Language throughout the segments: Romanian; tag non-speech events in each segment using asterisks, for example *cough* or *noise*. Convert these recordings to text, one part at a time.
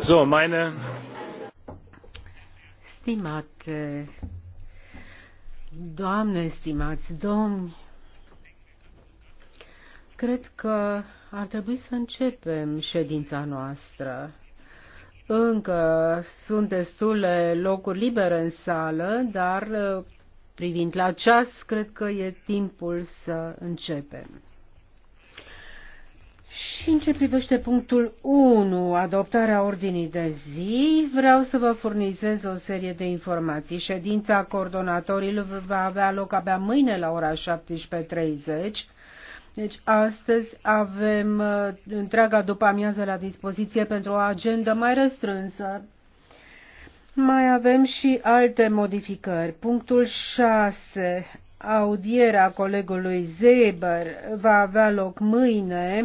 So, meine Stimate doamne, stimați domni, cred că ar trebui să începem ședința noastră. Încă sunt destule locuri libere în sală, dar privind la ceas, cred că e timpul să începem. Și în ce privește punctul 1, adoptarea ordinii de zi, vreau să vă furnizez o serie de informații. Ședința coordonatorilor va avea loc abia mâine la ora 17.30. Deci astăzi avem uh, întreaga după amiază la dispoziție pentru o agendă mai restrânsă mai avem și alte modificări. Punctul 6. Audierea colegului Zeber va avea loc mâine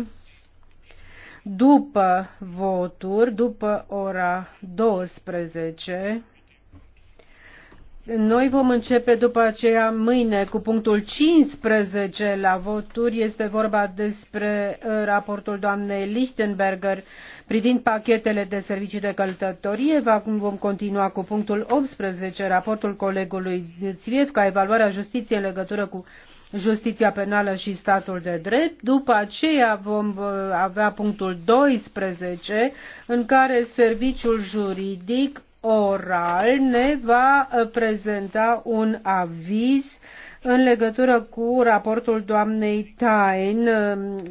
după voturi, după ora 12. Noi vom începe după aceea mâine cu punctul 15 la voturi. Este vorba despre uh, raportul doamnei Lichtenberger privind pachetele de servicii de călătorie. Acum vom continua cu punctul 18, raportul colegului ca evaluarea justiției în legătură cu justiția penală și statul de drept. După aceea vom uh, avea punctul 12 în care serviciul juridic oral ne va uh, prezenta un aviz în legătură cu raportul doamnei Tain, um,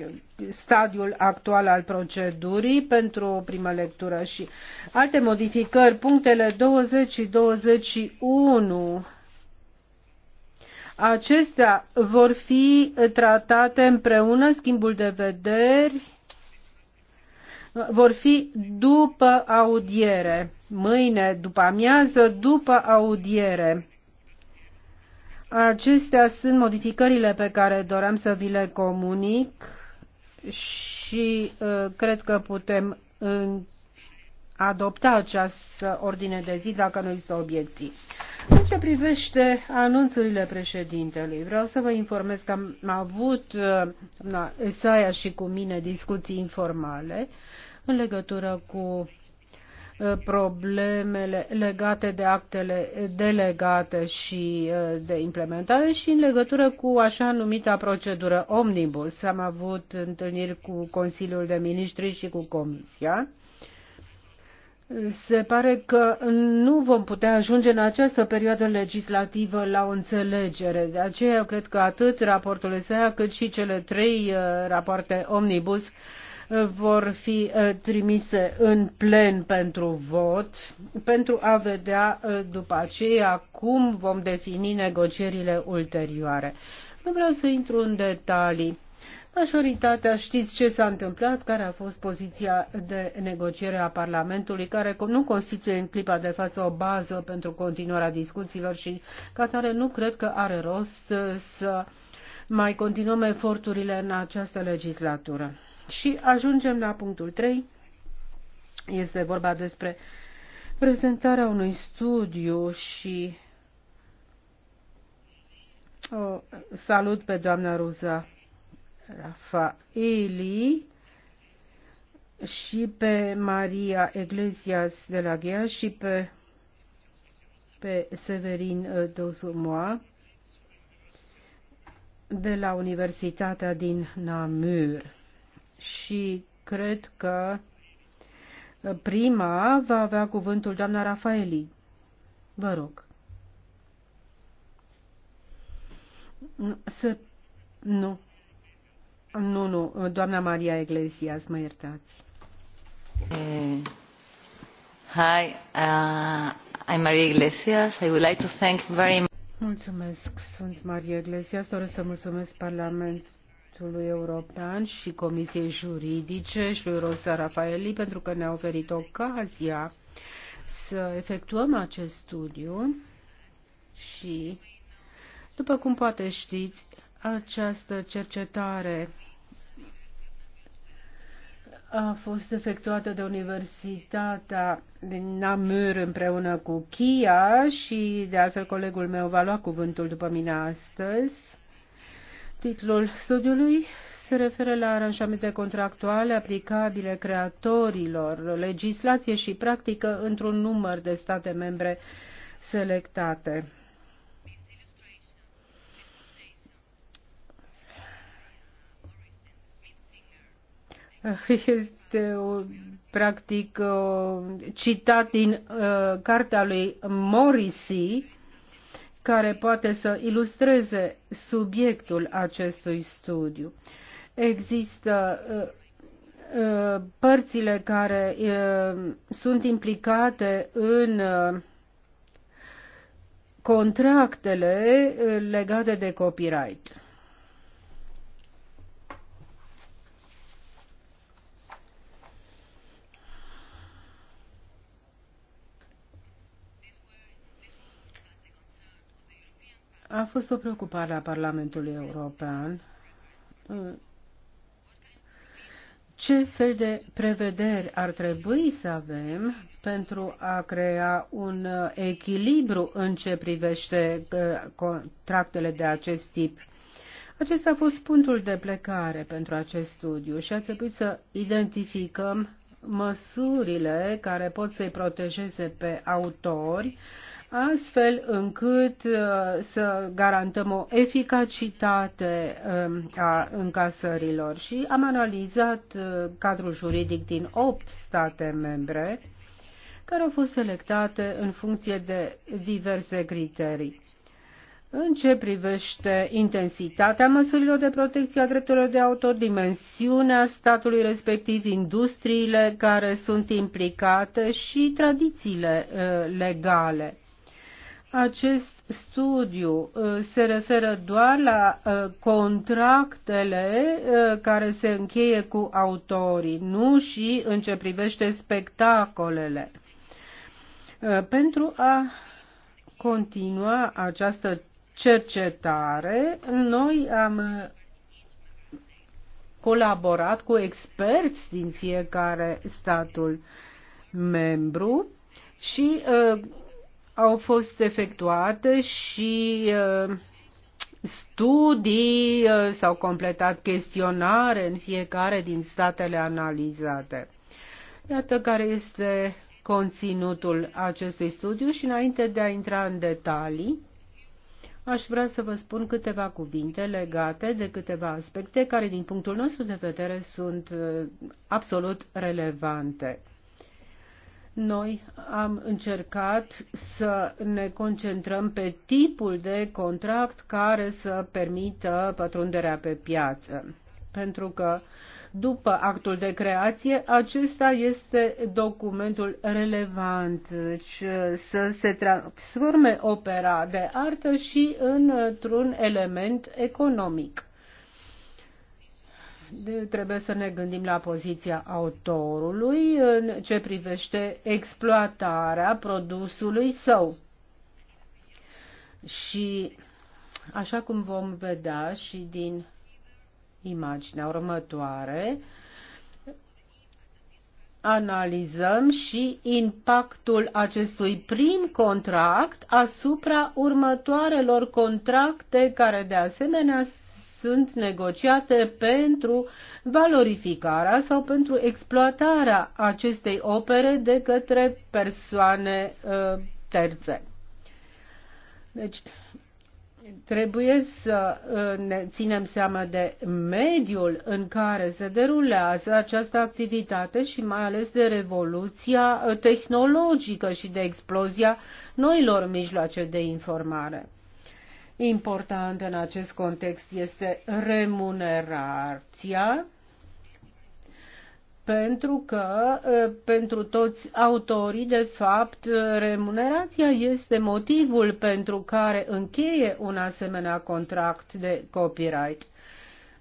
stadiul actual al procedurii pentru o primă lectură și alte modificări, punctele 20 și 21 acestea vor fi tratate împreună, schimbul de vederi, uh, vor fi după audiere mâine, după amiază, după audiere. Acestea sunt modificările pe care doream să vi le comunic și uh, cred că putem în adopta această ordine de zi dacă nu există obiecții. În ce privește anunțurile președintelui, vreau să vă informez că am avut uh, Esaia și cu mine discuții informale în legătură cu Uh, problemele legate de actele delegate și uh, de implementare și în legătură cu așa numita procedură omnibus. Am avut întâlniri cu Consiliul de Ministri și cu Comisia. Se pare că nu vom putea ajunge în această perioadă legislativă la o înțelegere. De aceea eu cred că atât raportul SEA cât și cele trei uh, rapoarte omnibus uh, vor fi eh, trimise în plen pentru vot, pentru a vedea eh, după aceea cum vom defini negocierile ulterioare. Nu vreau să intru în detalii. Majoritatea știți ce s-a întâmplat, care a fost poziția de negociere a Parlamentului, care nu constituie în clipa de față o bază pentru continuarea discuțiilor și ca tare nu cred că are rost să mai continuăm eforturile în această legislatură. Și ajungem la punctul 3. Este vorba despre prezentarea unui studiu și o salut pe doamna Ruza Rafaeli și pe Maria Iglesias de la Ghea și pe, pe Severin uh, Dozumoa de la Universitatea din Namur și cred că uh, prima va avea cuvântul doamna Rafaeli. Vă rog. Să... Nu. Nu, nu, doamna Maria Iglesias, mă iertați. Uh, hi, uh, I'm Maria Iglesias. I would like to thank very much. Mulțumesc, sunt Maria Iglesias. Doresc să mulțumesc Parlamentului Parlamentului European și Comisiei Juridice și lui Rosa Rafaeli pentru că ne-a oferit ocazia să efectuăm acest studiu și, după cum poate știți, această cercetare a fost efectuată de Universitatea din Namur împreună cu Chia și, de altfel, colegul meu va lua cuvântul după mine astăzi. Titlul studiului se referă la aranjamente contractuale aplicabile creatorilor, legislație și practică într-un număr de state membre selectate. *laughs* Este o, practic citat din uh, cartea lui Morrissey, care poate să ilustreze subiectul acestui studiu. Există uh, uh, părțile care uh, sunt implicate în contractele legate de copyright. A fost o preocupare a Parlamentului European ce fel de prevederi ar trebui să avem pentru a crea un echilibru în ce privește uh, contractele de acest tip. Acesta a fost punctul de plecare pentru acest studiu și a trebuit să identificăm măsurile care pot să-i protejeze pe autori astfel încât uh, să garantăm o eficacitate um, a încasărilor. Și am analizat uh, cadrul juridic din 8 state membre care au fost selectate în funcție de diverse criterii. În ce privește intensitatea măsurilor de protecție a drepturilor de autor, dimensiunea statului respectiv, industriile care sunt implicate și tradițiile uh, legale. Acest studiu uh, se referă doar la uh, contractele uh, care se încheie cu autorii, nu și în ce privește spectacolele. Pentru a continua această cercetare, noi am colaborat cu experți din fiecare statul membru și au fost efectuate și uh, studii, uh, s-au completat chestionare în fiecare din statele analizate. Iată care este conținutul acestui studiu și înainte de a intra în detalii, aș vrea să vă spun câteva cuvinte legate de câteva aspecte care, din punctul nostru de vedere, sunt uh, absolut relevante. Noi am încercat să ne concentrăm pe tipul de contract care să permită pătrunderea pe piață. Pentru că după actul de creație, acesta este documentul relevant, deci să se transforme opera de artă și într-un element economic trebuie să ne gândim la poziția autorului în ce privește exploatarea produsului său. Și așa cum vom vedea și din imaginea următoare, analizăm și impactul acestui prim contract asupra următoarelor contracte care de asemenea sunt negociate pentru valorificarea sau pentru exploatarea acestei opere de către persoane uh, terțe. Deci, trebuie să uh, ne ținem seama de mediul în care se derulează această activitate și mai ales de revoluția uh, tehnologică și de explozia noilor mijloace de informare. Important în acest context este remunerația, pentru că pentru toți autorii, de fapt, remunerația este motivul pentru care încheie un asemenea contract de copyright.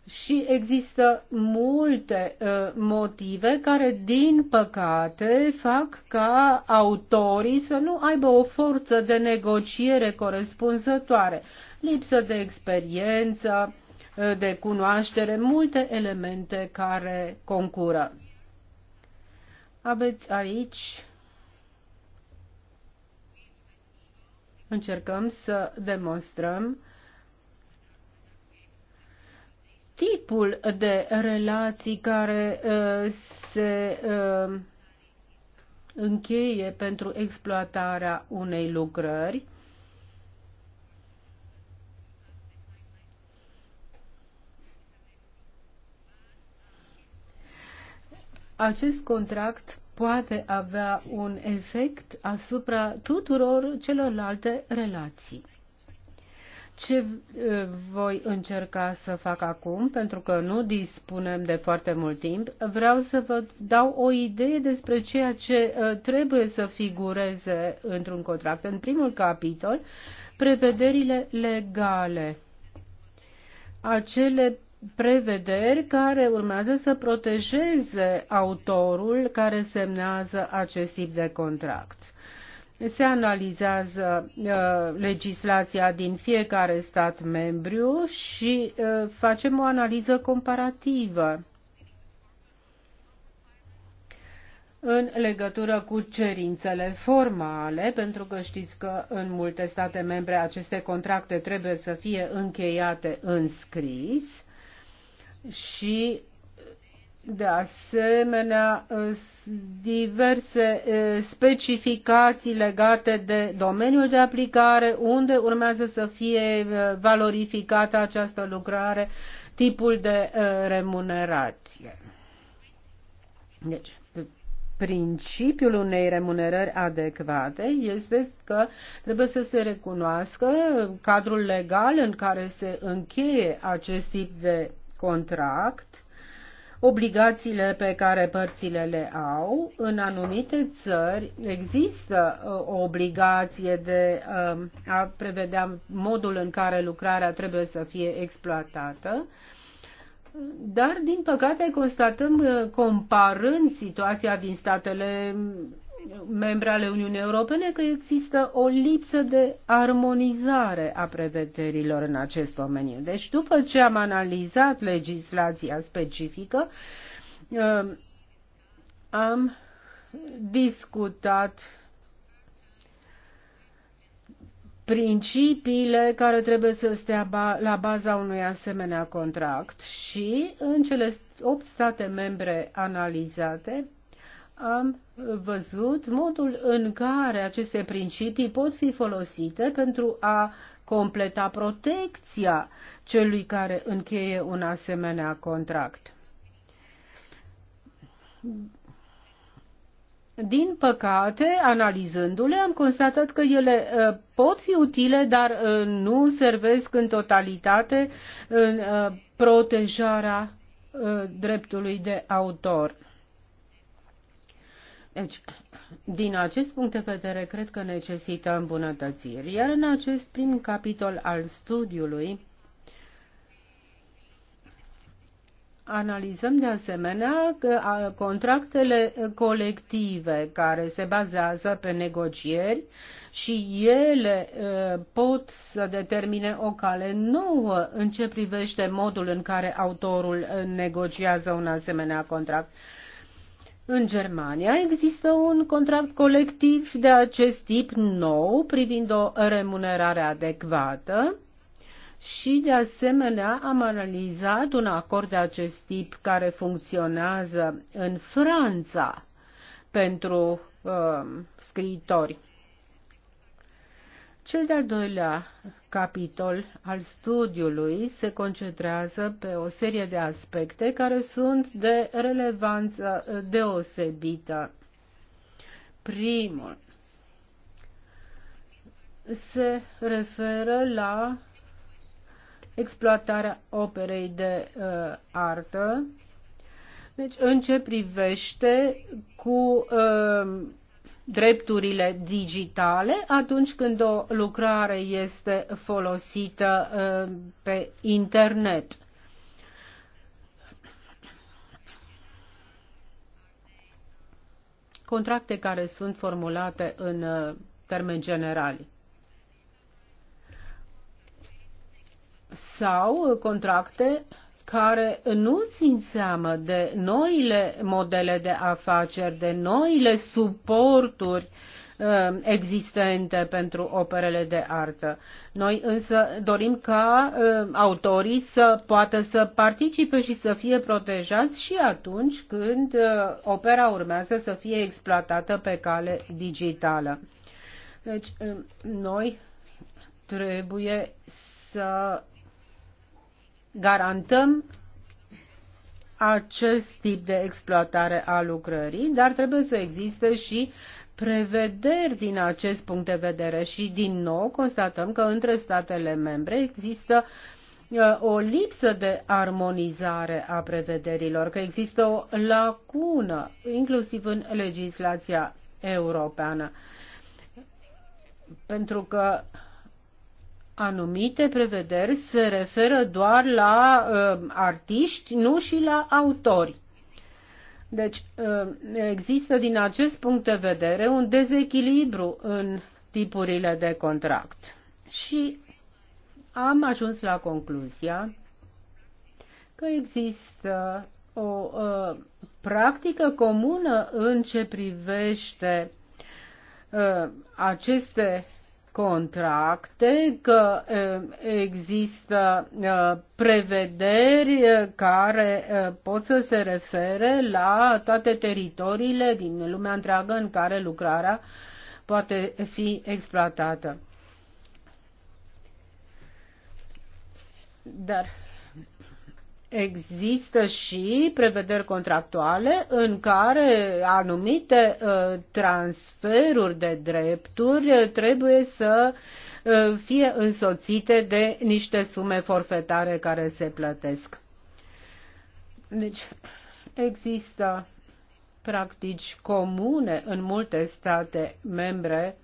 Și există multe uh, motive care, din păcate, fac ca autorii să nu aibă o forță de negociere corespunzătoare lipsă de experiență, de cunoaștere, multe elemente care concură. Aveți aici încercăm să demonstrăm tipul de relații care uh, se uh, încheie pentru exploatarea unei lucrări acest contract poate avea un efect asupra tuturor celorlalte relații. Ce eh, voi încerca să fac acum, pentru că nu dispunem de foarte mult timp, vreau să vă dau o idee despre ceea ce eh, trebuie să figureze într-un contract. În primul capitol, prevederile legale. Acele prevederi care urmează să protejeze autorul care semnează acest tip de contract. Se analizează uh, legislația din fiecare stat membru și uh, facem o analiză comparativă în legătură cu cerințele formale, pentru că știți că în multe state membre aceste contracte trebuie să fie încheiate în scris și de asemenea, diverse specificații legate de domeniul de aplicare, unde urmează să fie valorificată această lucrare, tipul de remunerație. Deci, principiul unei remunerări adecvate este că trebuie să se recunoască cadrul legal în care se încheie acest tip de contract obligațiile pe care părțile le au. În anumite țări există uh, o obligație de um, a prevedea modul în care lucrarea trebuie să fie exploatată. Dar, din păcate, constatăm, uh, comparând situația din statele membre ale Uniunii Europene că există o lipsă de armonizare a prevederilor în acest domeniu. Deci, după ce am analizat legislația specifică, um, am discutat principiile care trebuie să stea la baza unui asemenea contract și în cele 8 state membre analizate am văzut modul în care aceste principii pot fi folosite pentru a completa protecția celui care încheie un asemenea contract. Din păcate, analizându-le, am constatat că ele uh, pot fi utile, dar uh, nu servesc în totalitate în uh, protejarea dreptului de autor. Deci, din acest punct de vedere, cred că necesită îmbunătățiri. Iar în acest prim capitol al studiului, analizăm de asemenea că contractele colective care se bazează pe negocieri și ele pot să determine o cale nouă în ce privește modul în care autorul negociază un asemenea contract. În Germania există un contract colectiv de acest tip nou privind o remunerare adecvată și, de asemenea, am analizat un acord de acest tip care funcționează în Franța pentru uh, scriitori. Cel de-al doilea capitol al studiului se concentrează pe o serie de aspecte care sunt de relevanță deosebită. Primul se referă la exploatarea operei de uh, artă. Deci, în ce privește cu uh, drepturile digitale atunci când o lucrare este folosită uh, pe internet. Contracte care sunt formulate în uh, termeni generali. Sau uh, contracte care nu țin seamă de noile modele de afaceri, de noile suporturi um, existente pentru operele de artă. Noi însă dorim ca um, autorii să poată să participe și să fie protejați și atunci când uh, opera urmează să fie exploatată pe cale digitală. Deci um, noi trebuie să garantăm acest tip de exploatare a lucrării, dar trebuie să existe și prevederi din acest punct de vedere și din nou constatăm că între statele membre există uh, o lipsă de armonizare a prevederilor, că există o lacună, inclusiv în legislația europeană. Pentru că anumite prevederi se referă doar la uh, artiști, nu și la autori. Deci uh, există din acest punct de vedere un dezechilibru în tipurile de contract. Și am ajuns la concluzia că există o uh, practică comună în ce privește uh, aceste contracte că există prevederi care pot să se refere la toate teritoriile din lumea întreagă în care lucrarea poate fi exploatată. Dar Există și prevederi contractuale în care anumite ă, transferuri de drepturi ă, trebuie să ă, fie însoțite de niște sume forfetare care se plătesc. Deci există practici comune în multe state membre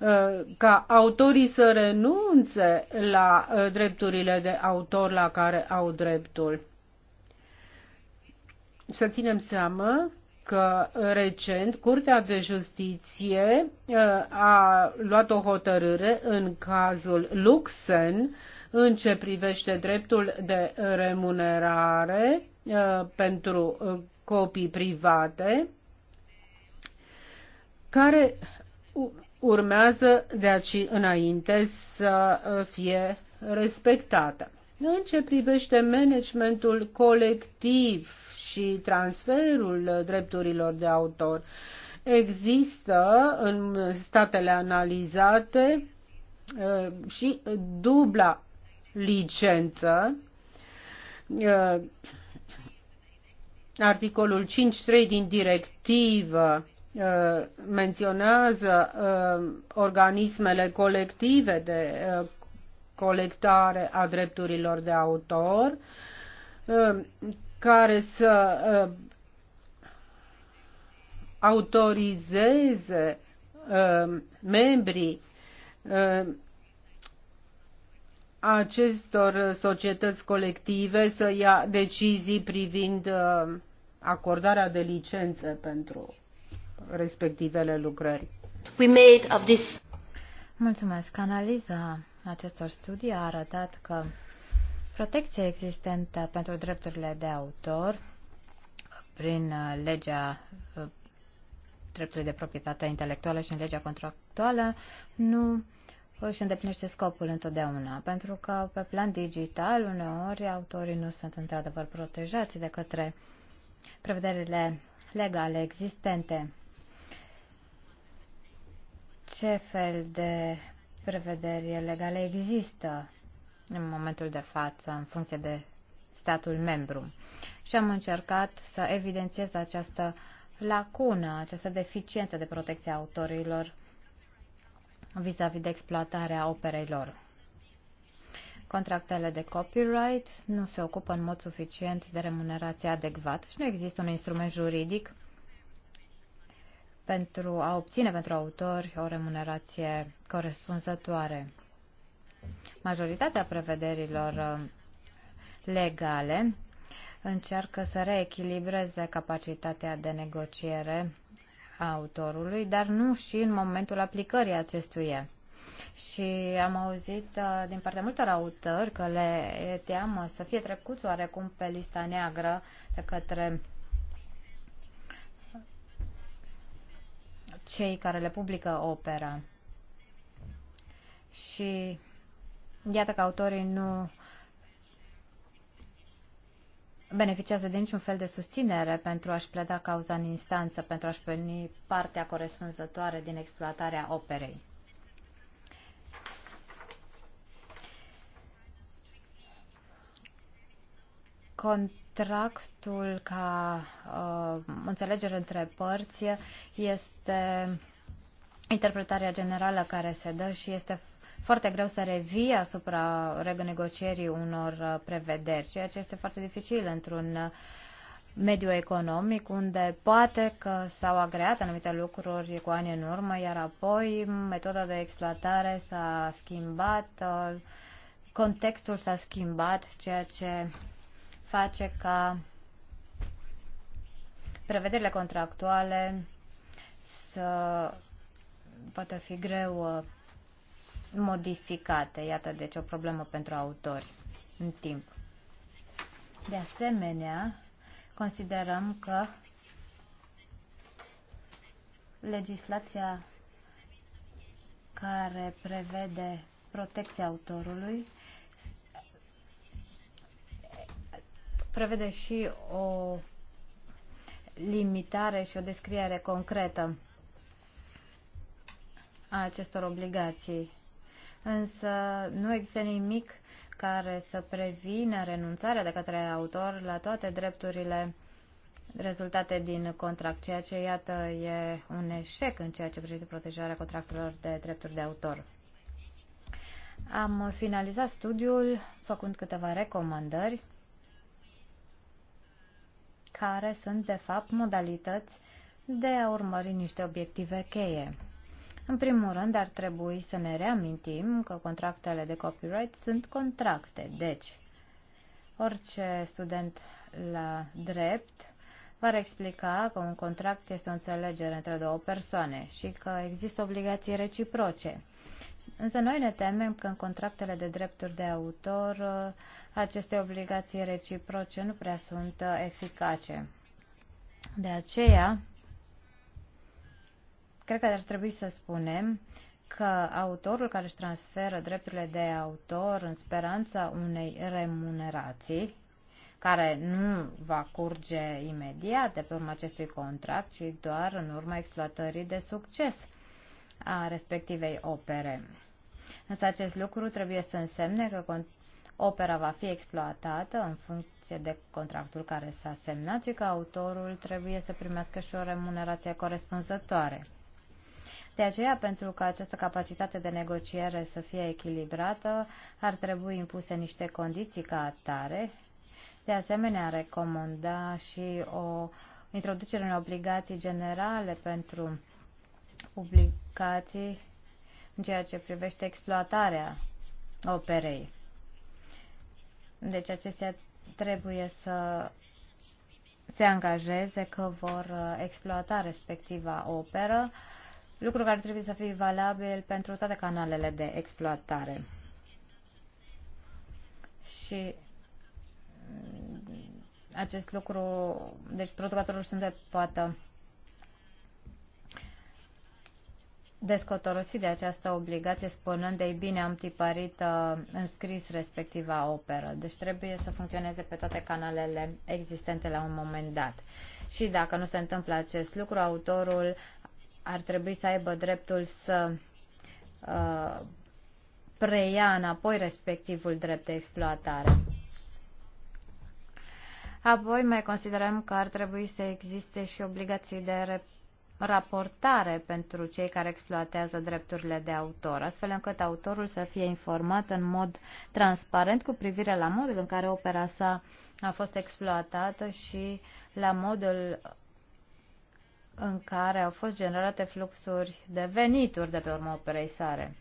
Uh, ca autorii să renunțe la uh, drepturile de autor la care au dreptul. Să ținem seama că recent Curtea de Justiție uh, a luat o hotărâre în cazul Luxen în ce privește dreptul de remunerare pentru copii private, care urmează de aici înainte să uh, fie respectată. În ce privește managementul colectiv și transferul uh, drepturilor de autor, există în statele analizate uh, și dubla licență. Articolul 5.3 din directivă Uh, menționează uh, organismele colective de uh, colectare a drepturilor de autor, care să autorizeze membrii acestor societăți colective să ia decizii privind acordarea de licențe pentru respectivele lucrări. We made of this... Mulțumesc. Analiza acestor studii a arătat că protecția existentă pentru drepturile de autor prin uh, legea uh, dreptului de proprietate intelectuală și în legea contractuală nu își îndeplinește scopul întotdeauna, pentru că pe plan digital uneori autorii nu sunt într-adevăr protejați de către prevederile legale existente ce fel de prevederi legale există în momentul de față, în funcție de statul membru. Și am încercat să evidențiez această lacună, această deficiență de protecție a autorilor vis-a-vis -vis de exploatarea operei lor. Contractele de copyright nu se ocupă în mod suficient de remunerație adecvat și nu există un instrument juridic pentru a obține pentru autori o remunerație corespunzătoare. Majoritatea prevederilor uh, legale încearcă să reechilibreze capacitatea de negociere a autorului, dar nu și în momentul aplicării acestuia. Și am auzit uh, din partea multor autori că le e teamă să fie trecuți oarecum pe lista neagră de către cei care le publică opera. Și iată că autorii nu beneficiază de niciun fel de susținere pentru a-și pleda cauza în instanță, pentru a-și veni partea corespunzătoare din exploatarea operei. Cont contractul ca uh, înțelegere între părți este interpretarea generală care se dă și este foarte greu să revii asupra renegocierii unor uh, prevederi, ceea ce este foarte dificil într-un uh, mediu economic, unde poate că s-au agreat anumite lucruri cu ani în urmă, iar apoi metoda de exploatare s-a schimbat, uh, contextul s-a schimbat, ceea ce face ca prevederile contractuale să poată fi greu uh, modificate. Iată, deci, o problemă pentru autori în timp. De asemenea, considerăm că legislația care prevede protecția autorului prevede și o limitare și o descriere concretă a acestor obligații. Însă nu există nimic care să prevină renunțarea de către autor la toate drepturile rezultate din contract, ceea ce, iată, e un eșec în ceea ce privește protejarea contractelor de drepturi de autor. Am finalizat studiul făcând câteva recomandări care sunt, de fapt, modalități de a urmări niște obiective cheie. În primul rând, ar trebui să ne reamintim că contractele de copyright sunt contracte, deci orice student la drept va explica că un contract este o înțelegere între două persoane și că există obligații reciproce. Însă noi ne temem că în contractele de drepturi de autor uh, aceste obligații reciproce nu prea sunt uh, eficace. De aceea, cred că ar trebui să spunem că autorul care își transferă drepturile de autor în speranța unei remunerații, care nu va curge imediat de pe urma acestui contract, ci doar în urma exploatării de succes a respectivei opere. Însă acest lucru trebuie să însemne că opera va fi exploatată în funcție de contractul care s-a semnat și că autorul trebuie să primească și o remunerație corespunzătoare. De aceea, pentru ca această capacitate de negociere să fie echilibrată, ar trebui impuse niște condiții ca atare. De asemenea, recomanda și o introducere în obligații generale pentru publicații în ceea ce privește exploatarea operei. Deci acestea trebuie să se angajeze că vor uh, exploata respectiva operă, lucru care trebuie să fie valabil pentru toate canalele de exploatare. Și mm, acest lucru, deci producătorul sunt de poată descotorosit de această obligație spunând, ei bine, am tiparit uh, scris respectiva operă. Deci trebuie să funcționeze pe toate canalele existente la un moment dat. Și dacă nu se întâmplă acest lucru, autorul ar trebui să aibă dreptul să uh, preia înapoi respectivul drept de exploatare. Apoi mai considerăm că ar trebui să existe și obligații de raportare pentru cei care exploatează drepturile de autor, astfel încât autorul să fie informat în mod transparent cu privire la modul în care opera sa a fost exploatată și la modul în care au fost generate fluxuri de venituri de pe urma operei sare.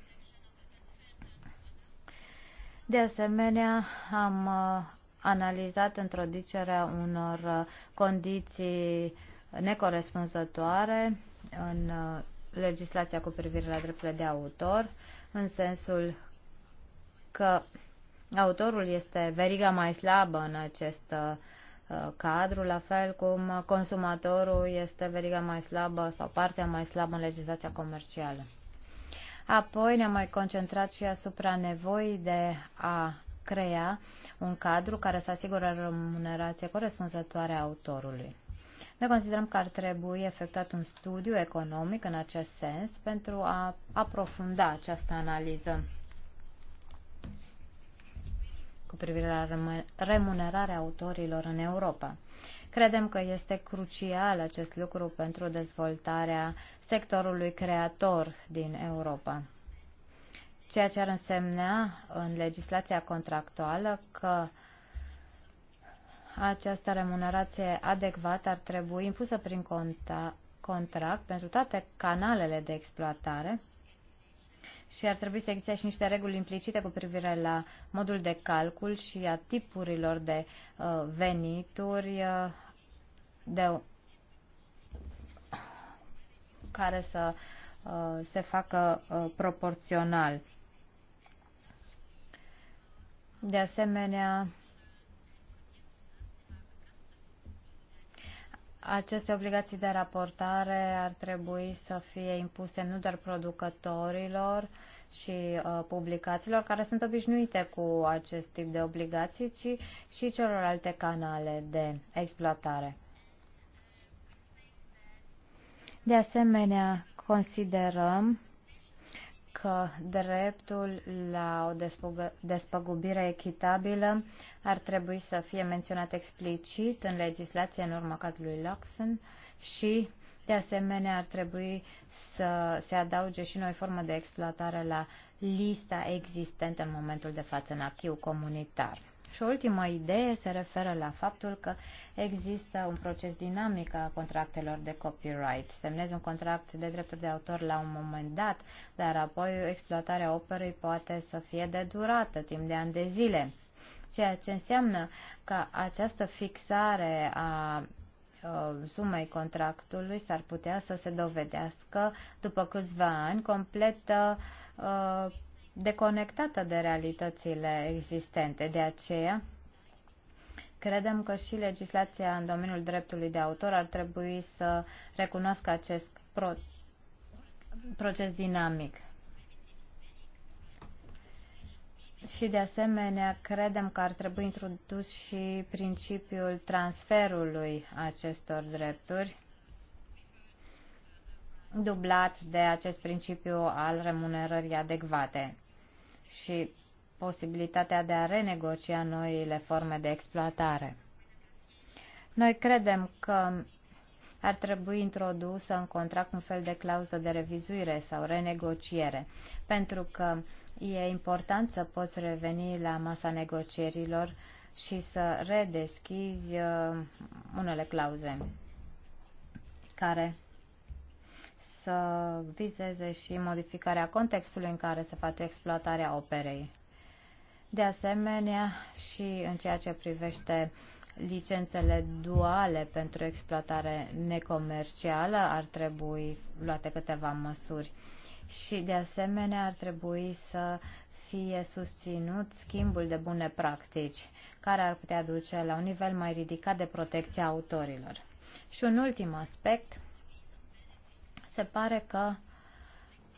De asemenea, am uh, analizat introducerea unor uh, condiții necorespunzătoare în uh, legislația cu privire la drepturile de autor, în sensul că autorul este veriga mai slabă în acest uh, cadru, la fel cum consumatorul este veriga mai slabă sau partea mai slabă în legislația comercială. Apoi ne-am mai concentrat și asupra nevoii de a crea un cadru care să asigură remunerație corespunzătoare a autorului. Noi considerăm că ar trebui efectuat un studiu economic în acest sens pentru a aprofunda această analiză cu privire la remunerarea autorilor în Europa. Credem că este crucial acest lucru pentru dezvoltarea sectorului creator din Europa. Ceea ce ar însemna în legislația contractuală că această remunerație adecvată ar trebui impusă prin conta, contract pentru toate canalele de exploatare și ar trebui să existe și niște reguli implicite cu privire la modul de calcul și a tipurilor de uh, venituri uh, de, care să uh, se facă uh, proporțional. De asemenea, aceste obligații de raportare ar trebui să fie impuse nu doar producătorilor și uh, publicațiilor care sunt obișnuite cu acest tip de obligații, ci și celorlalte canale de exploatare. De asemenea, considerăm că dreptul la o despăgubire echitabilă ar trebui să fie menționat explicit în legislație în urma cazului Luxon și, de asemenea, ar trebui să se adauge și noi formă de exploatare la lista existentă în momentul de față în achiu comunitar. Și o ultimă idee se referă la faptul că există un proces dinamic a contractelor de copyright. Semnezi un contract de drepturi de autor la un moment dat, dar apoi exploatarea operei poate să fie de durată, timp de ani de zile. Ceea ce înseamnă că această fixare a sumei contractului s-ar putea să se dovedească după câțiva ani completă. uh, deconectată de realitățile existente. De aceea, credem că și legislația în domeniul dreptului de autor ar trebui să recunoască acest pro- proces dinamic. Și de asemenea, credem că ar trebui introdus și principiul transferului acestor drepturi, dublat de acest principiu al remunerării adecvate și posibilitatea de a renegocia noile forme de exploatare. Noi credem că ar trebui introdusă în contract un fel de clauză de revizuire sau renegociere, pentru că e important să poți reveni la masa negocierilor și să redeschizi uh, unele clauze care să vizeze și modificarea contextului în care se face exploatarea operei. De asemenea, și în ceea ce privește licențele duale pentru exploatare necomercială, ar trebui luate câteva măsuri. Și, de asemenea, ar trebui să fie susținut schimbul de bune practici, care ar putea duce la un nivel mai ridicat de protecție a autorilor. Și un ultim aspect se pare că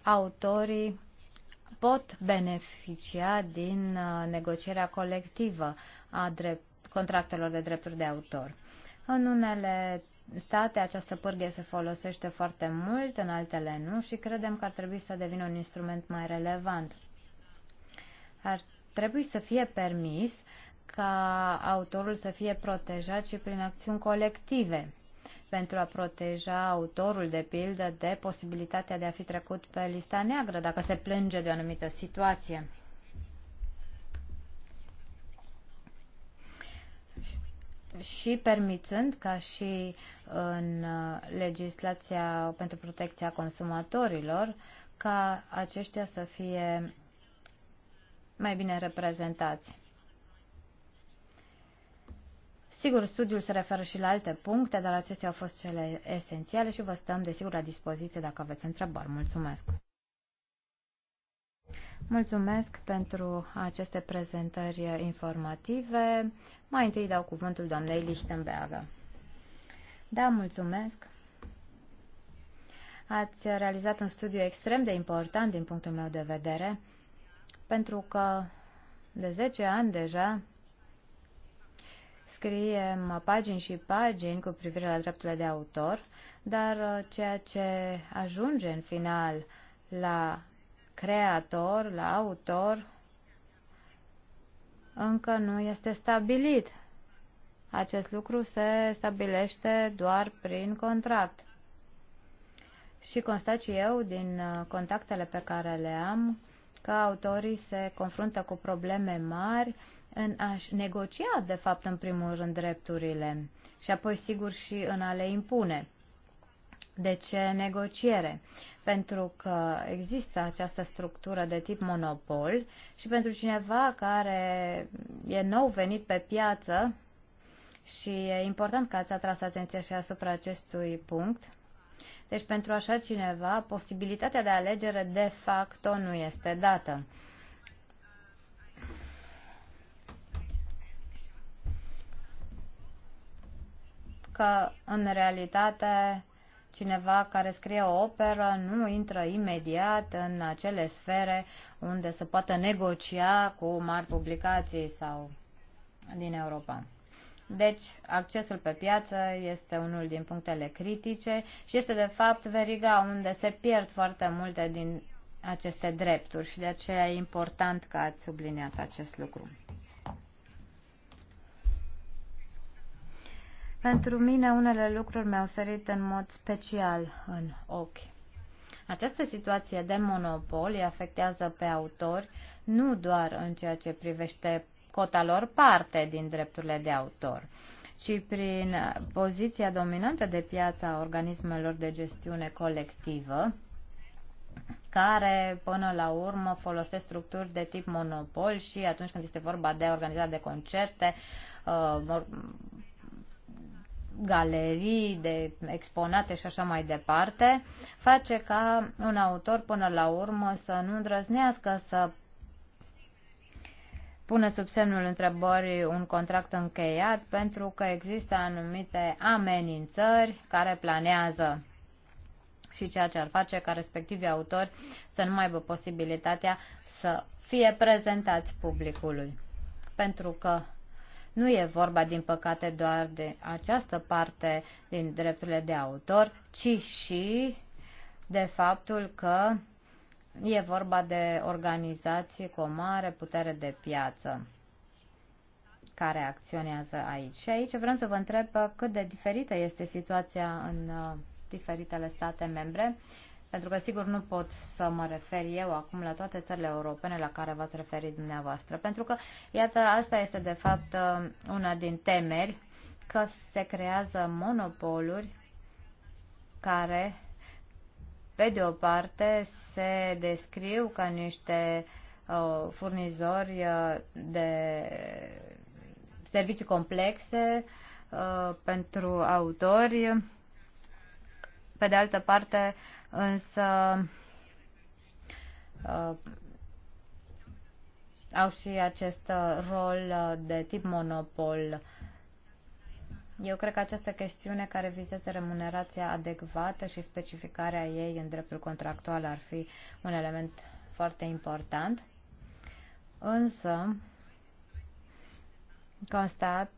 autorii pot beneficia din uh, negocierea colectivă a drept, contractelor de drepturi de autor. În unele state această pârghie se folosește foarte mult, în altele nu și credem că ar trebui să devină un instrument mai relevant. Ar trebui să fie permis ca autorul să fie protejat și prin acțiuni colective pentru a proteja autorul, de pildă, de posibilitatea de a fi trecut pe lista neagră dacă se plânge de o anumită situație. și permițând ca și în uh, legislația pentru protecția consumatorilor ca aceștia să fie mai bine reprezentați. Sigur, studiul se referă și la alte puncte, dar acestea au fost cele esențiale și vă stăm desigur la dispoziție dacă aveți întrebări. Mulțumesc! Mulțumesc pentru aceste prezentări informative. Mai întâi dau cuvântul doamnei Lichtenberger. Da, mulțumesc. Ați realizat un studiu extrem de important din punctul meu de vedere, pentru că de 10 ani deja scriem pagini și pagini cu privire la drepturile de autor, dar uh, ceea ce ajunge în final la creator, la autor, încă nu este stabilit. Acest lucru se stabilește doar prin contract. Și constat și eu din uh, contactele pe care le am că autorii se confruntă cu probleme mari în a-și negocia, de fapt, în primul rând, drepturile și apoi, sigur, și în a le impune. De ce negociere? Pentru că există această structură de tip monopol și pentru cineva care e nou venit pe piață și e important că ați atras atenția și asupra acestui punct. Deci pentru așa cineva posibilitatea de alegere de facto nu este dată. că în realitate cineva care scrie o operă nu intră imediat în acele sfere unde se poate negocia cu mari publicații sau din Europa. Deci, accesul pe piață este unul din punctele critice și este, de fapt, veriga unde se pierd foarte multe din aceste drepturi și de aceea e important că ați subliniat acest lucru. Pentru mine unele lucruri mi-au sărit în mod special în ochi. Această situație de monopol îi afectează pe autori nu doar în ceea ce privește cota lor parte din drepturile de autor, ci prin poziția dominantă de piață a organismelor de gestiune colectivă, care până la urmă folosesc structuri de tip monopol și atunci când este vorba de organizarea de concerte, uh, galerii de exponate și așa mai departe, face ca un autor până la urmă să nu îndrăznească să pune sub semnul întrebării un contract încheiat pentru că există anumite amenințări care planează și ceea ce ar face ca respectivii autori să nu mai aibă posibilitatea să fie prezentați publicului. Pentru că nu e vorba, din păcate, doar de această parte din drepturile de autor, ci și de faptul că e vorba de organizații cu o mare putere de piață care acționează aici. Și aici vreau să vă întreb cât de diferită este situația în uh, diferitele state membre pentru că sigur nu pot să mă refer eu acum la toate țările europene la care v-ați referit dumneavoastră, pentru că, iată, asta este de fapt uh, una din temeri, că se creează monopoluri care, pe de o parte, se descriu ca niște uh, furnizori uh, de servicii complexe uh, pentru autori, pe de altă parte, însă, uh, au și acest uh, rol uh, de tip monopol. Eu cred că această chestiune care vizează remunerația adecvată și specificarea ei în dreptul contractual ar fi un element foarte important. Însă, constat,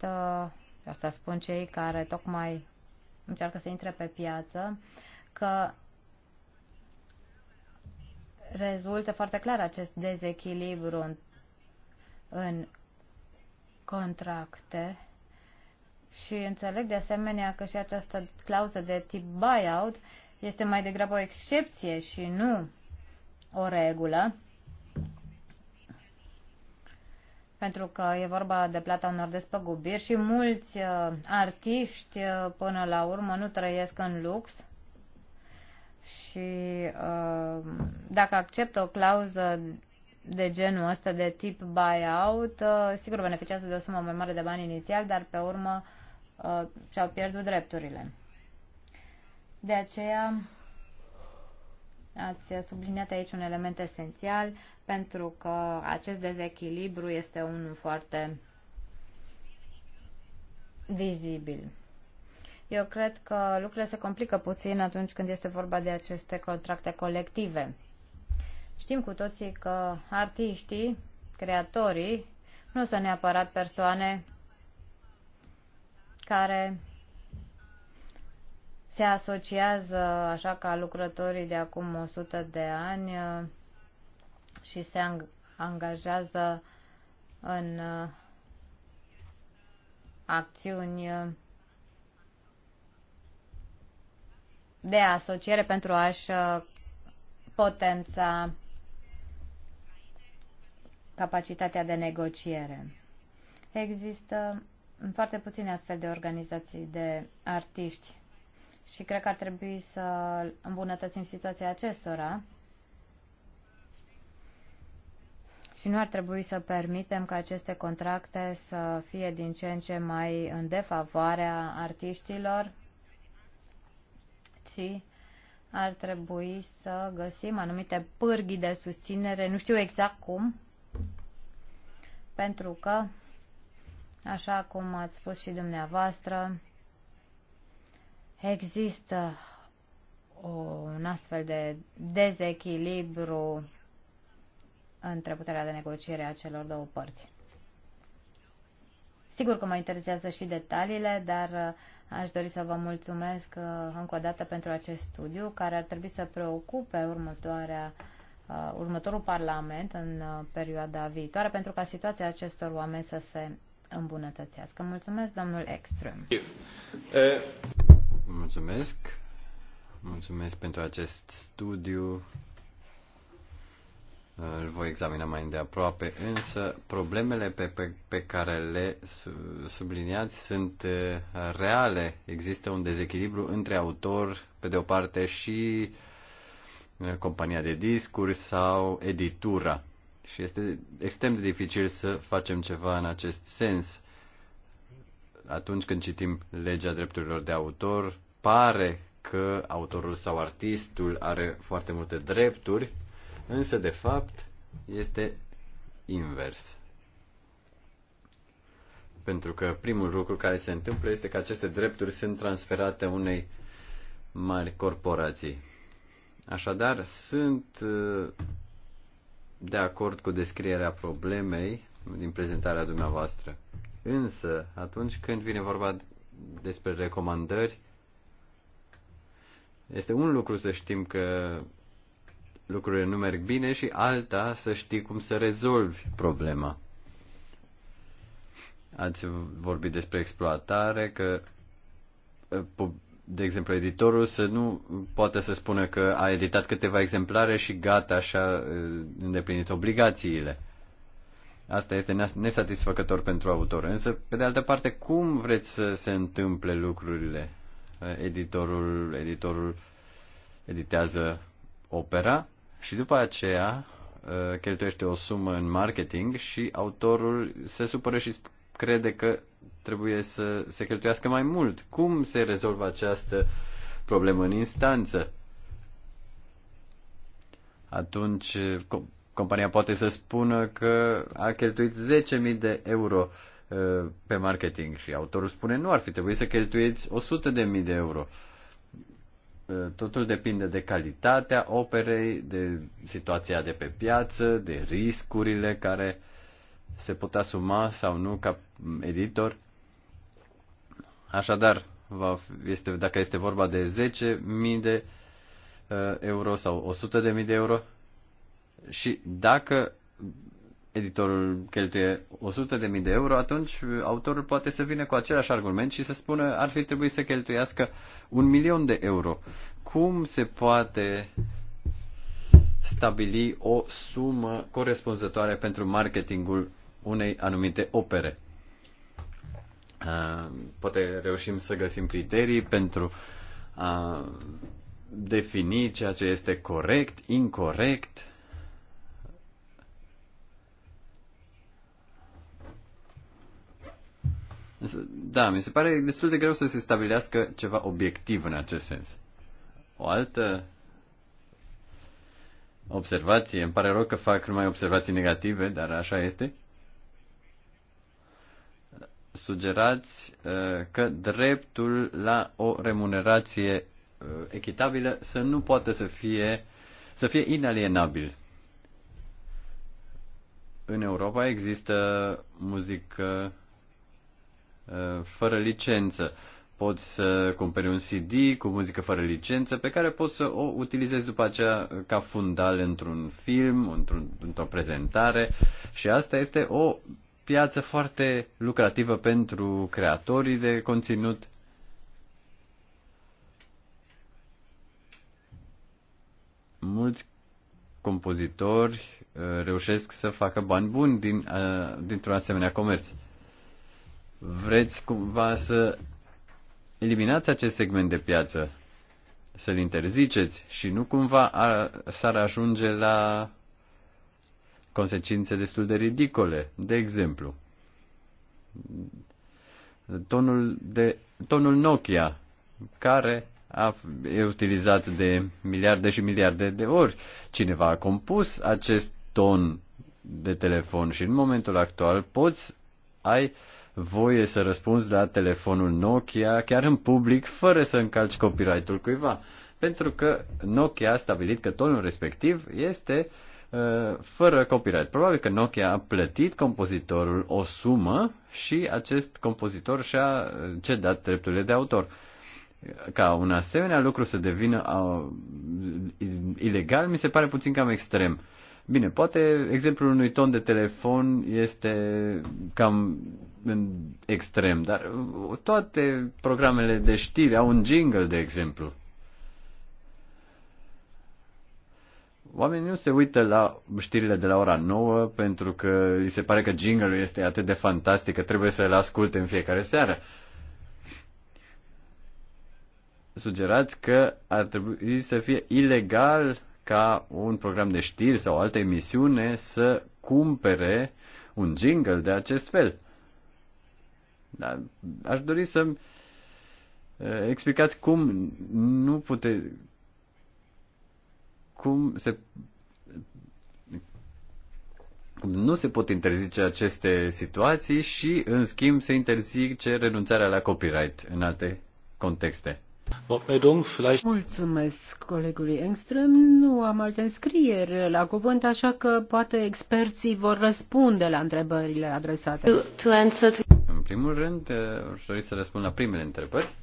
asta spun cei care tocmai încearcă să intre pe piață, că rezultă foarte clar acest dezechilibru în, în contracte și înțeleg de asemenea că și această clauză de tip buyout este mai degrabă o excepție și nu o regulă. pentru că e vorba de plata unor despăgubiri și mulți uh, artiști uh, până la urmă nu trăiesc în lux și uh, dacă acceptă o clauză de genul ăsta de tip buyout, uh, sigur beneficiază de o sumă mai mare de bani inițial, dar pe urmă uh, și-au pierdut drepturile. De aceea Ați subliniat aici un element esențial pentru că acest dezechilibru este unul foarte vizibil. Eu cred că lucrurile se complică puțin atunci când este vorba de aceste contracte colective. Știm cu toții că artiștii, creatorii, nu sunt neapărat persoane care se asociază așa ca lucrătorii de acum 100 de ani uh, și se angajează în uh, acțiuni uh, de asociere pentru a-și potența capacitatea de negociere. Există foarte puține astfel de organizații de artiști și cred că ar trebui să îmbunătățim situația acestora. Și nu ar trebui să permitem ca aceste contracte să fie din ce în ce mai în defavoarea artiștilor, ci ar trebui să găsim anumite pârghii de susținere, nu știu exact cum, pentru că, așa cum ați spus și dumneavoastră, există un astfel de dezechilibru între puterea de negociere a celor două părți. Sigur că mă interesează și detaliile, dar uh, aș dori să vă mulțumesc uh, încă o dată pentru acest studiu, care ar trebui să preocupe următoarea, uh, următorul Parlament în perioada viitoare, pentru ca situația acestor oameni să se îmbunătățească. Mulțumesc, domnul Ekström. Mulțumesc. Mulțumesc pentru acest studiu. Îl voi examina mai îndeaproape, însă problemele pe, pe, pe care le subliniați sunt uh, reale. Există un dezechilibru între autor, pe de o parte, și uh, compania de discuri sau editura. Și este extrem de dificil să facem ceva în acest sens atunci când citim legea drepturilor de autor, pare că autorul sau artistul are foarte multe drepturi, însă de fapt este invers. Pentru că primul lucru care se întâmplă este că aceste drepturi sunt transferate unei mari corporații. Așadar, sunt uh, de acord cu descrierea problemei din prezentarea dumneavoastră. Însă, atunci când vine vorba despre recomandări, este un lucru să știm că lucrurile nu merg bine și alta să știi cum să rezolvi problema. Ați vorbit despre exploatare, că, ă, de exemplu, editorul să nu poate să spună că a editat câteva exemplare și gata așa ă, îndeplinit obligațiile. Asta este nesatisfăcător pentru autor. Însă, pe de altă parte, cum vreți să se întâmple lucrurile? Editorul, editorul editează opera și după aceea uh, cheltuiește o sumă în marketing și autorul se supără și crede că trebuie să se cheltuiască mai mult. Cum se rezolvă această problemă în instanță? Atunci, compania poate să spună că a cheltuit 10.000 de euro uh, pe marketing și autorul spune nu, ar fi trebuit să cheltuiți 100.000 de euro. Uh, totul depinde de calitatea operei, de situația de pe piață, de riscurile care se pot asuma sau nu ca editor. Așadar, va, este, dacă este vorba de 10.000 de uh, euro sau 100.000 de euro, și dacă editorul cheltuie 100.000 de euro, atunci autorul poate să vină cu același argument și să spună ar fi trebuit să cheltuiască un milion de euro. Cum se poate stabili o sumă corespunzătoare pentru marketingul unei anumite opere? Uh, poate reușim să găsim criterii pentru a defini ceea ce este corect, incorrect, Da, mi se pare destul de greu să se stabilească ceva obiectiv în acest sens. O altă observație, îmi pare rău că fac numai observații negative, dar așa este. Sugerați uh, că dreptul la o remunerație uh, echitabilă să nu poată să fie, să fie inalienabil. În Europa există muzică Uh, fără licență. Poți să cumperi un CD cu muzică fără licență pe care poți să o utilizezi după aceea ca fundal într-un film, într-un, într-o prezentare și asta este o piață foarte lucrativă pentru creatorii de conținut mulți compozitori uh, reușesc să facă bani buni din, uh, dintr-un asemenea comerț. Vreți cumva să eliminați acest segment de piață, să-l interziceți și nu cumva s-ar ajunge la consecințe destul de ridicole. De exemplu, tonul, de, tonul Nokia, care a, e utilizat de miliarde și miliarde de ori. Cineva a compus acest ton de telefon și în momentul actual poți ai uh, voie să răspunzi la telefonul Nokia chiar în public fără să încalci copyright-ul cuiva. Pentru că Nokia a stabilit că tonul respectiv este uh, fără copyright. Probabil că Nokia a plătit compozitorul o sumă și acest compozitor și-a uh, cedat drepturile de autor. Ca un asemenea lucru să devină uh, ilegal, mi se pare puțin cam extrem. Uh, Bine, poate exemplul unui ton de telefon este cam în extrem, dar uh, toate programele de știri au un jingle, de exemplu. Oamenii nu se uită la știrile de la ora 9 pentru că îi se pare că jingle-ul este atât de fantastic că trebuie să-l asculte în fiecare seară. Sugerați că ar trebui să fie ilegal ca un program de știri sau o altă emisiune să cumpere un jingle de acest fel. Dar aș dori să explicați cum nu pute cum se cum nu se pot interzice aceste situații și, în schimb, se interzice renunțarea la copyright în alte contexte. Mulțumesc colegului Engström. Nu am alte înscrieri la cuvânt, așa că poate experții vor răspunde la întrebările adresate. În primul rând, eh, aș dori să răspund la primele întrebări.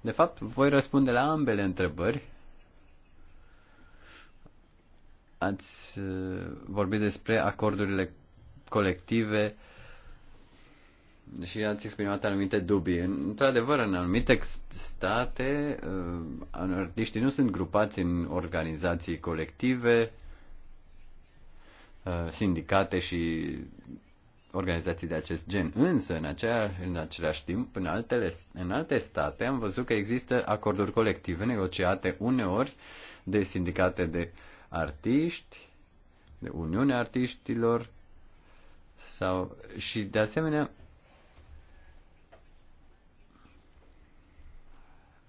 De fapt, voi răspunde la ambele întrebări. Ați eh, vorbit despre acordurile colective și ați exprimat anumite dubii. Într-adevăr, în anumite state, uh, artiștii nu sunt grupați în organizații colective, uh, sindicate și organizații de acest gen. Însă, în, acea, în același timp, în, altele, în alte state am văzut că există acorduri colective negociate uneori de sindicate de artiști, de Uniunea Artiștilor, sau, și de asemenea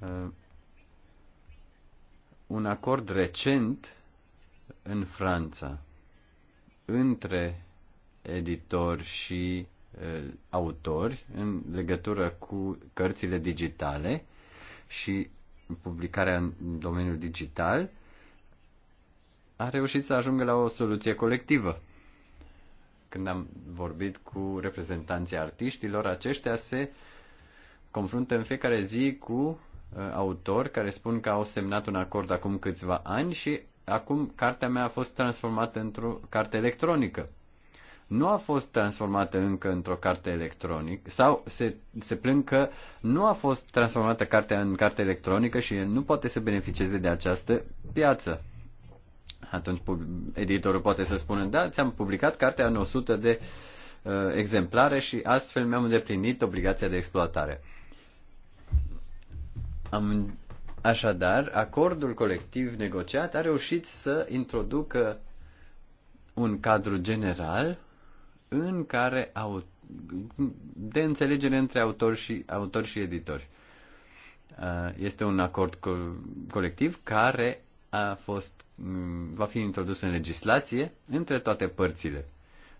Uh, un acord recent în Franța între editori și uh, autori în legătură cu cărțile digitale și publicarea în domeniul digital, a reușit să ajungă la o soluție colectivă. Când am vorbit cu reprezentanții artiștilor, aceștia se confruntă în fiecare zi cu Uh, autori care spun că au semnat un acord acum câțiva ani și acum cartea mea a fost transformată într-o carte electronică. Nu a fost transformată încă într-o carte electronică sau se, se plâng că nu a fost transformată cartea în carte electronică și nu poate să beneficieze de această piață. Atunci editorul poate să spună, da, ți-am publicat cartea în 100 de uh, exemplare și astfel mi-am îndeplinit obligația de exploatare. Am, așadar, acordul colectiv negociat a reușit să introducă un cadru general în care au, de înțelegere între autori și, autor și editori. Este un acord co- colectiv care a fost, va fi introdus în legislație între toate părțile.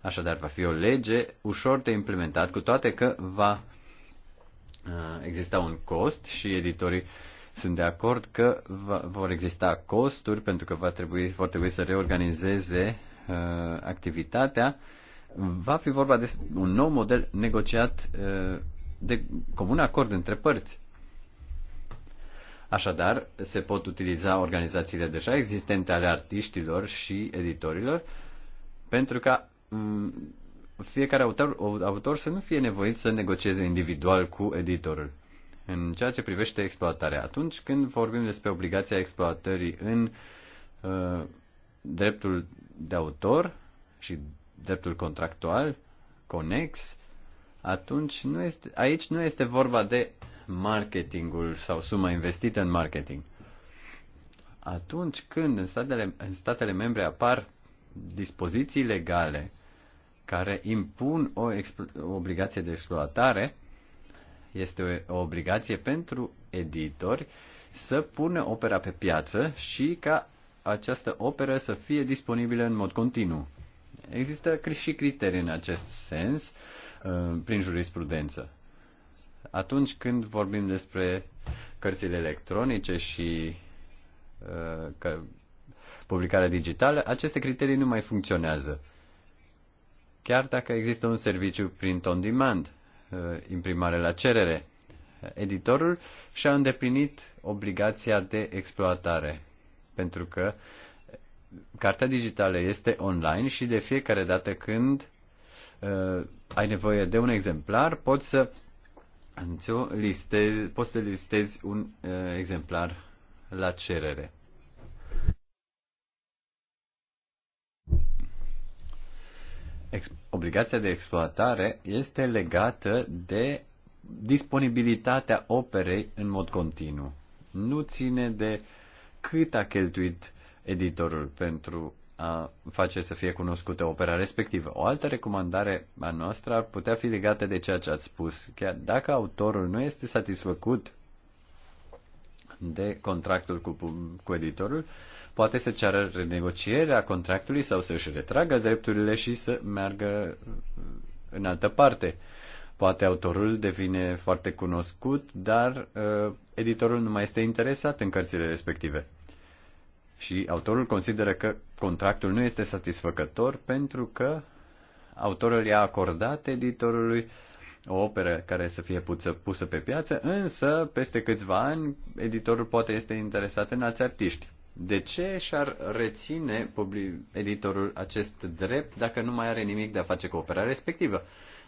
Așadar, va fi o lege ușor de implementat, cu toate că va Uh, exista un cost și editorii sunt de acord că va, vor exista costuri pentru că va trebui, vor trebui să reorganizeze uh, activitatea. Va fi vorba de un nou model negociat uh, de comun acord între părți. Așadar, se pot utiliza organizațiile deja existente ale artiștilor și editorilor pentru ca mm, fiecare autor, autor să nu fie nevoit să negocieze individual cu editorul. În ceea ce privește exploatarea, atunci când vorbim despre obligația exploatării în uh, dreptul de autor și dreptul contractual, conex, atunci nu este, aici nu este vorba de marketingul sau suma investită în marketing. Atunci când în statele, în statele membre apar dispoziții legale care impun o obligație de exploatare, este o obligație pentru editori să pună opera pe piață și ca această operă să fie disponibilă în mod continuu. Există și criterii în acest sens uh, prin jurisprudență. Atunci când vorbim despre cărțile electronice și uh, publicarea digitală, aceste criterii nu mai funcționează chiar dacă există un serviciu print on demand, uh, imprimare la cerere. Editorul și-a îndeplinit obligația de exploatare, pentru că uh, cartea digitală este online și de fiecare dată când uh, ai nevoie de un exemplar, poți să listezi, poți să listezi un uh, exemplar la cerere. obligația de exploatare este legată de disponibilitatea operei în mod continuu. Nu ține de cât a cheltuit editorul pentru a face să fie cunoscută opera respectivă. O altă recomandare a noastră ar putea fi legată de ceea ce ați spus. Chiar dacă autorul nu este satisfăcut de contractul cu, cu editorul, poate să ceară renegocierea contractului sau să-și retragă drepturile și să meargă uh, în altă parte. Poate autorul devine foarte cunoscut, dar uh, editorul nu mai este interesat în cărțile respective. Și autorul consideră că contractul nu este satisfăcător pentru că autorul i-a acordat editorului uh, o operă care să fie pusă pe piață, însă peste câțiva ani editorul poate este interesat în alți artiști. De ce și-ar reține editorul acest drept dacă nu mai are nimic de a face cu opera respectivă?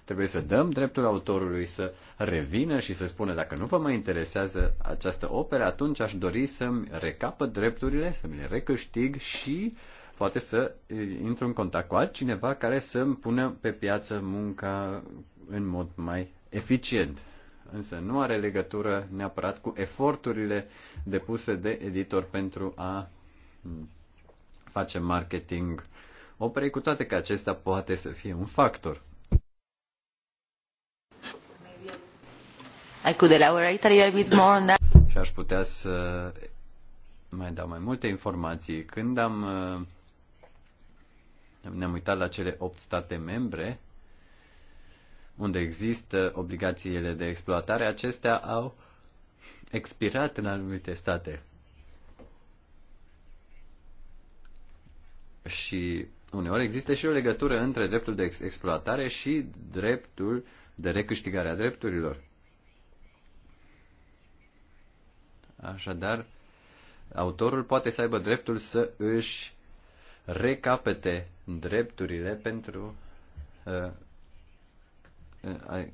Trebuie să dăm dreptul autorului să revină și să spună dacă nu vă mai interesează această operă, atunci aș dori să-mi recapă drepturile, să-mi le recâștig și poate să eh, intru în contact cu altcineva care să-mi pună pe piață munca în mod mai eficient. Însă nu are legătură neapărat cu eforturile depuse de editor pentru a face marketing operei, cu toate că acesta poate să fie un factor. I could elaborate a little bit more on that. Și aș putea să mai dau mai multe informații. Când am uh, ne-am uitat la cele 8 state membre, unde există obligațiile de exploatare, acestea au expirat în anumite state. Și uneori există și o legătură între dreptul de exploatare și dreptul de recâștigare a drepturilor. Așadar, autorul poate să aibă dreptul să își recapete drepturile pentru uh,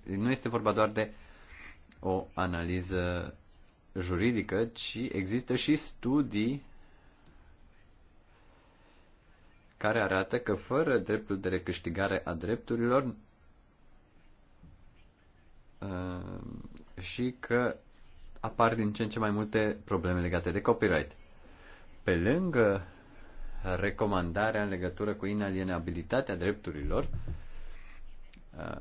nu este vorba doar de o analiză juridică, ci există și studii care arată că fără dreptul de recâștigare a drepturilor uh, și că apar din ce în ce mai multe probleme legate de copyright. Pe lângă recomandarea în legătură cu inalienabilitatea drepturilor, uh,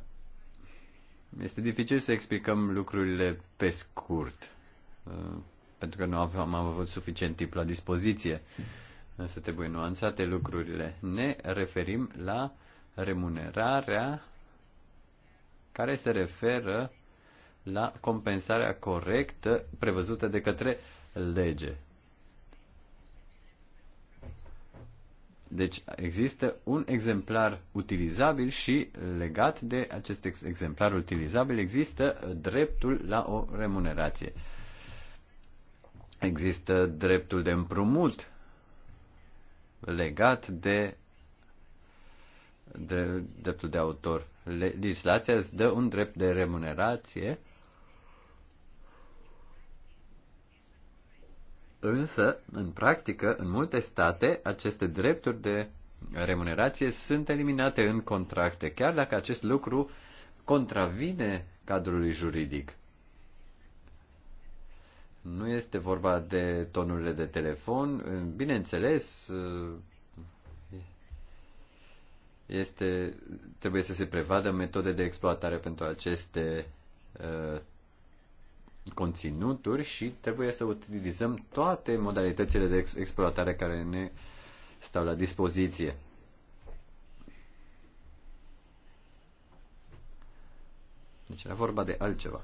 este dificil să explicăm lucrurile pe scurt, uh, pentru că nu am avut suficient timp la dispoziție, însă trebuie nuanțate lucrurile. Ne referim la remunerarea care se referă la compensarea corectă prevăzută de către lege. Deci există un exemplar utilizabil și legat de acest exemplar utilizabil există uh, dreptul la o remunerație. Există dreptul de împrumut legat de dreptul de autor. Legislația îți dă un drept de remunerație Însă, în practică, în multe state, aceste drepturi de remunerație sunt eliminate în contracte, chiar dacă acest lucru contravine cadrului juridic. Nu este vorba de tonurile de telefon, bineînțeles, este, trebuie să se prevadă metode de exploatare pentru aceste uh, conținuturi și trebuie să utilizăm toate modalitățile de exploatare care ne stau la dispoziție. Deci era vorba de altceva.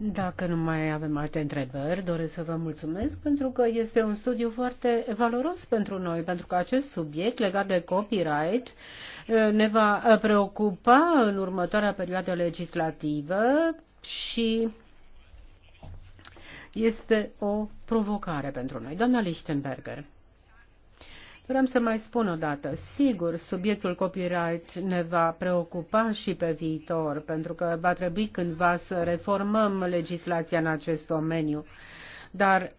Dacă nu mai avem alte întrebări, doresc să vă mulțumesc pentru că este un studiu foarte valoros pentru noi, pentru că acest subiect legat de copyright uh, ne va uh, preocupa în următoarea perioadă legislativă și este o provocare pentru noi. Doamna Lichtenberger. Vreau să mai spun o dată, sigur, subiectul copyright ne va preocupa și pe viitor, pentru că va trebui cândva să reformăm legislația în acest domeniu. Dar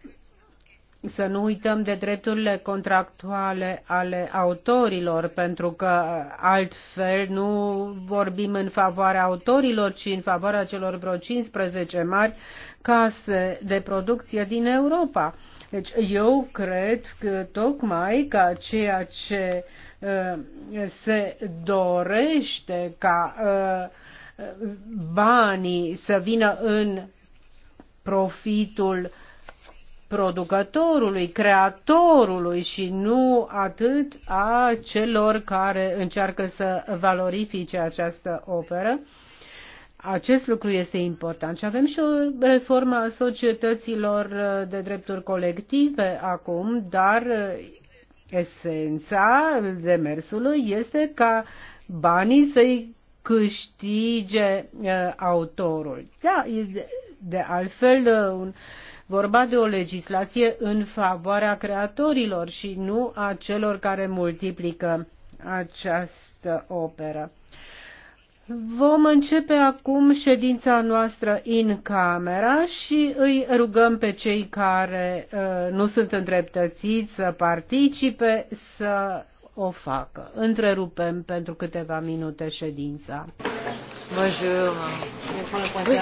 să nu uităm de drepturile contractuale ale autorilor, pentru că altfel nu vorbim în favoarea autorilor, ci în favoarea celor vreo 15 mari case de producție din Europa deci eu cred că tocmai ca ceea ce uh, se dorește ca uh, banii să vină în profitul producătorului, creatorului și nu atât a celor care încearcă să valorifice această operă. Acest lucru este important și avem și o reformă a societăților uh, de drepturi colective acum, dar uh, esența demersului este ca banii să-i câștige uh, autorul. Da, de altfel, vorba de o legislație în favoarea creatorilor și nu a celor care multiplică această operă. Vom începe acum ședința noastră în camera și îi rugăm pe cei care uh, nu sunt îndreptățiți să participe să o facă. Întrerupem pentru câteva minute ședința. Bonjour.